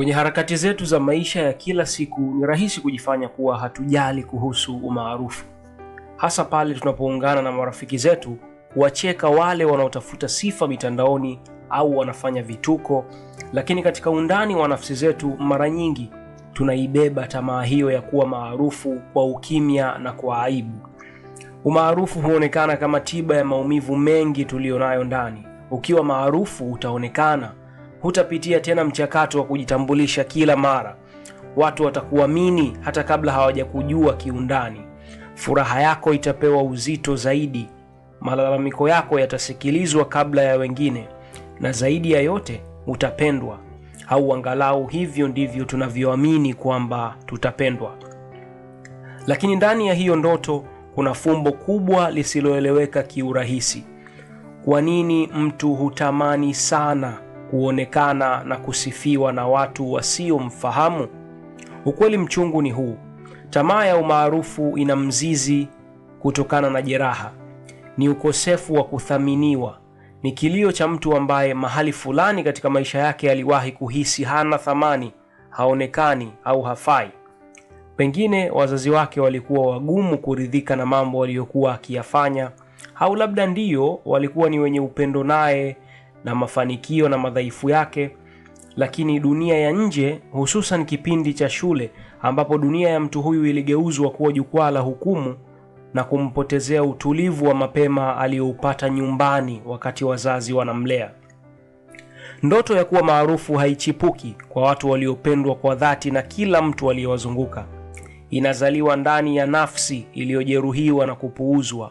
Kwenye harakati zetu za maisha ya kila siku ni rahisi kujifanya kuwa hatujali kuhusu umaarufu, hasa pale tunapoungana na marafiki zetu kuwacheka wale wanaotafuta sifa mitandaoni au wanafanya vituko, lakini katika undani wa nafsi zetu mara nyingi tunaibeba tamaa hiyo ya kuwa maarufu kwa ukimya na kwa aibu. Umaarufu huonekana kama tiba ya maumivu mengi tuliyonayo ndani. Ukiwa maarufu utaonekana hutapitia tena mchakato wa kujitambulisha kila mara. Watu watakuamini hata kabla hawajakujua kiundani. Furaha yako itapewa uzito zaidi, malalamiko yako yatasikilizwa kabla ya wengine, na zaidi ya yote utapendwa, au angalau hivyo ndivyo tunavyoamini kwamba tutapendwa. Lakini ndani ya hiyo ndoto kuna fumbo kubwa lisiloeleweka kiurahisi. Kwa nini mtu hutamani sana kuonekana na kusifiwa na watu wasiomfahamu? Ukweli mchungu ni huu: tamaa ya umaarufu ina mzizi kutokana na jeraha, ni ukosefu wa kuthaminiwa, ni kilio cha mtu ambaye mahali fulani katika maisha yake aliwahi kuhisi hana thamani, haonekani au hafai. Pengine wazazi wake walikuwa wagumu kuridhika na mambo aliyokuwa akiyafanya, au labda ndiyo walikuwa ni wenye upendo naye na mafanikio na madhaifu yake, lakini dunia ya nje, hususan kipindi cha shule ambapo dunia ya mtu huyu iligeuzwa kuwa jukwaa la hukumu na kumpotezea utulivu wa mapema aliyoupata nyumbani wakati wazazi wanamlea. Ndoto ya kuwa maarufu haichipuki kwa watu waliopendwa kwa dhati na kila mtu aliyewazunguka. Inazaliwa ndani ya nafsi iliyojeruhiwa na kupuuzwa.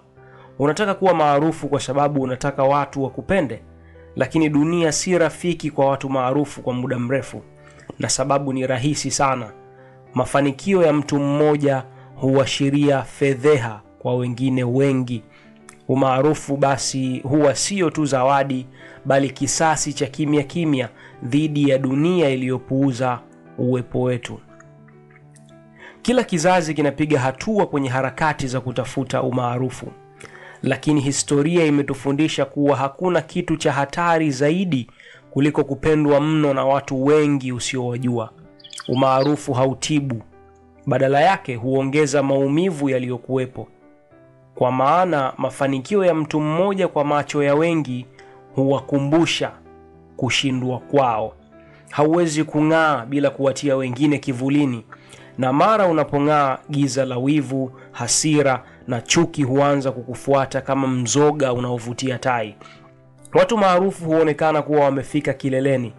Unataka kuwa maarufu kwa sababu unataka watu wakupende? lakini dunia si rafiki kwa watu maarufu kwa muda mrefu, na sababu ni rahisi sana. Mafanikio ya mtu mmoja huashiria fedheha kwa wengine wengi. Umaarufu basi huwa sio tu zawadi, bali kisasi cha kimya kimya dhidi ya dunia iliyopuuza uwepo wetu. Kila kizazi kinapiga hatua kwenye harakati za kutafuta umaarufu lakini historia imetufundisha kuwa hakuna kitu cha hatari zaidi kuliko kupendwa mno na watu wengi usiowajua. Umaarufu hautibu, badala yake huongeza maumivu yaliyokuwepo, kwa maana mafanikio ya mtu mmoja kwa macho ya wengi huwakumbusha kushindwa kwao. Hauwezi kung'aa bila kuwatia wengine kivulini, na mara unapong'aa, giza la wivu, hasira na chuki huanza kukufuata kama mzoga unaovutia tai. Watu maarufu huonekana kuwa wamefika kileleni,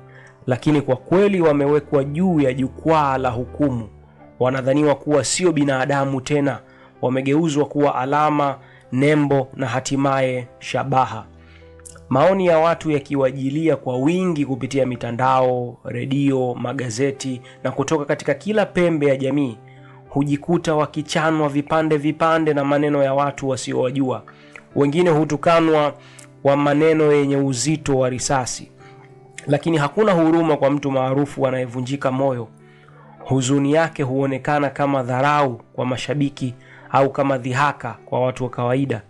lakini kwa kweli wamewekwa juu ya jukwaa la hukumu. Wanadhaniwa kuwa sio binadamu tena, wamegeuzwa kuwa alama, nembo na hatimaye shabaha. Maoni ya watu yakiwajilia kwa wingi kupitia mitandao, redio, magazeti na kutoka katika kila pembe ya jamii, hujikuta wakichanwa vipande vipande na maneno ya watu wasiowajua. Wengine hutukanwa kwa maneno yenye uzito wa risasi, lakini hakuna huruma kwa mtu maarufu anayevunjika moyo. Huzuni yake huonekana kama dharau kwa mashabiki au kama dhihaka kwa watu wa kawaida.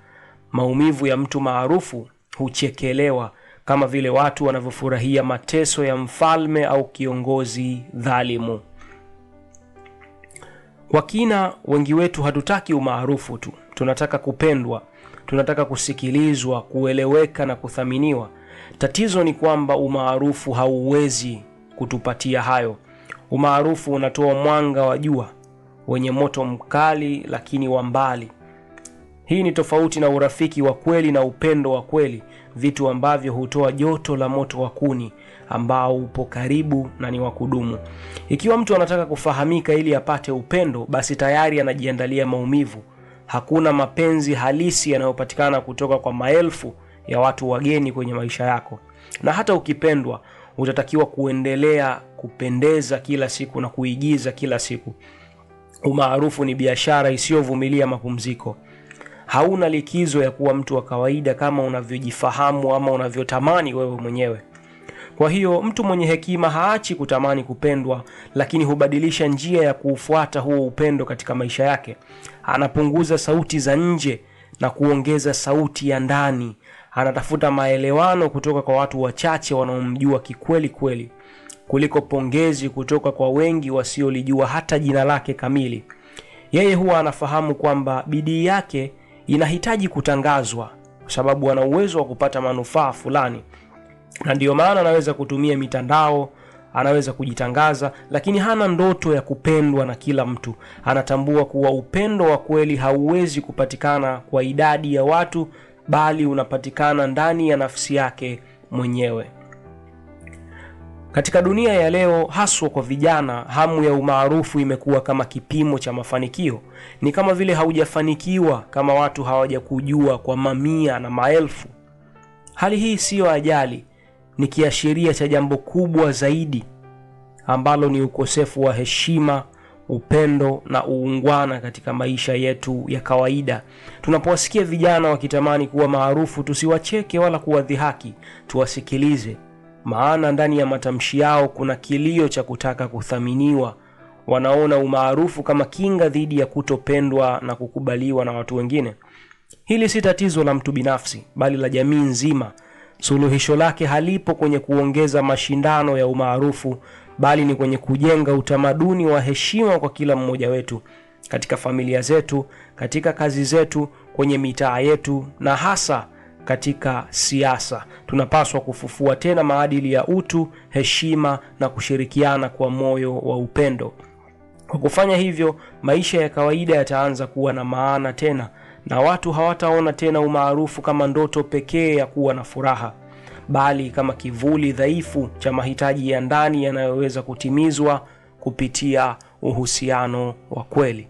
Maumivu ya mtu maarufu huchekelewa kama vile watu wanavyofurahia mateso ya mfalme au kiongozi dhalimu. Kwa kina, wengi wetu hatutaki umaarufu tu, tunataka kupendwa, tunataka kusikilizwa, kueleweka na kuthaminiwa. Tatizo ni kwamba umaarufu hauwezi kutupatia hayo. Umaarufu unatoa mwanga wa jua wenye moto mkali, lakini wa mbali. Hii ni tofauti na urafiki wa kweli na upendo wa kweli, vitu ambavyo hutoa joto la moto wa kuni ambao upo karibu na ni wa kudumu. Ikiwa mtu anataka kufahamika ili apate upendo, basi tayari anajiandalia maumivu. Hakuna mapenzi halisi yanayopatikana kutoka kwa maelfu ya watu wageni kwenye maisha yako, na hata ukipendwa utatakiwa kuendelea kupendeza kila siku na kuigiza kila siku. Umaarufu ni biashara isiyovumilia mapumziko hauna likizo ya kuwa mtu wa kawaida kama unavyojifahamu ama unavyotamani wewe mwenyewe. Kwa hiyo mtu mwenye hekima haachi kutamani kupendwa, lakini hubadilisha njia ya kuufuata huo upendo katika maisha yake. Anapunguza sauti za nje na kuongeza sauti ya ndani. Anatafuta maelewano kutoka kwa watu wachache wanaomjua kikweli kweli kuliko pongezi kutoka kwa wengi wasiolijua hata jina lake kamili. Yeye huwa anafahamu kwamba bidii yake inahitaji kutangazwa, kwa sababu wana uwezo wa kupata manufaa fulani, na ndiyo maana anaweza kutumia mitandao, anaweza kujitangaza, lakini hana ndoto ya kupendwa na kila mtu. Anatambua kuwa upendo wa kweli hauwezi kupatikana kwa idadi ya watu, bali unapatikana ndani ya nafsi yake mwenyewe. Katika dunia ya leo, haswa kwa vijana, hamu ya umaarufu imekuwa kama kipimo cha mafanikio. Ni kama vile haujafanikiwa kama watu hawajakujua kwa mamia na maelfu. Hali hii siyo ajali, ni kiashiria cha jambo kubwa zaidi ambalo ni ukosefu wa heshima, upendo na uungwana katika maisha yetu ya kawaida. Tunapowasikia vijana wakitamani kuwa maarufu, tusiwacheke wala kuwadhihaki, tuwasikilize maana ndani ya matamshi yao kuna kilio cha kutaka kuthaminiwa. Wanaona umaarufu kama kinga dhidi ya kutopendwa na kukubaliwa na watu wengine. Hili si tatizo la mtu binafsi, bali la jamii nzima. Suluhisho lake halipo kwenye kuongeza mashindano ya umaarufu, bali ni kwenye kujenga utamaduni wa heshima kwa kila mmoja wetu, katika familia zetu, katika kazi zetu, kwenye mitaa yetu na hasa katika siasa. Tunapaswa kufufua tena maadili ya utu, heshima na kushirikiana kwa moyo wa upendo. Kwa kufanya hivyo, maisha ya kawaida yataanza kuwa na maana tena na watu hawataona tena umaarufu kama ndoto pekee ya kuwa na furaha, bali kama kivuli dhaifu cha mahitaji ya ndani yanayoweza kutimizwa kupitia uhusiano wa kweli.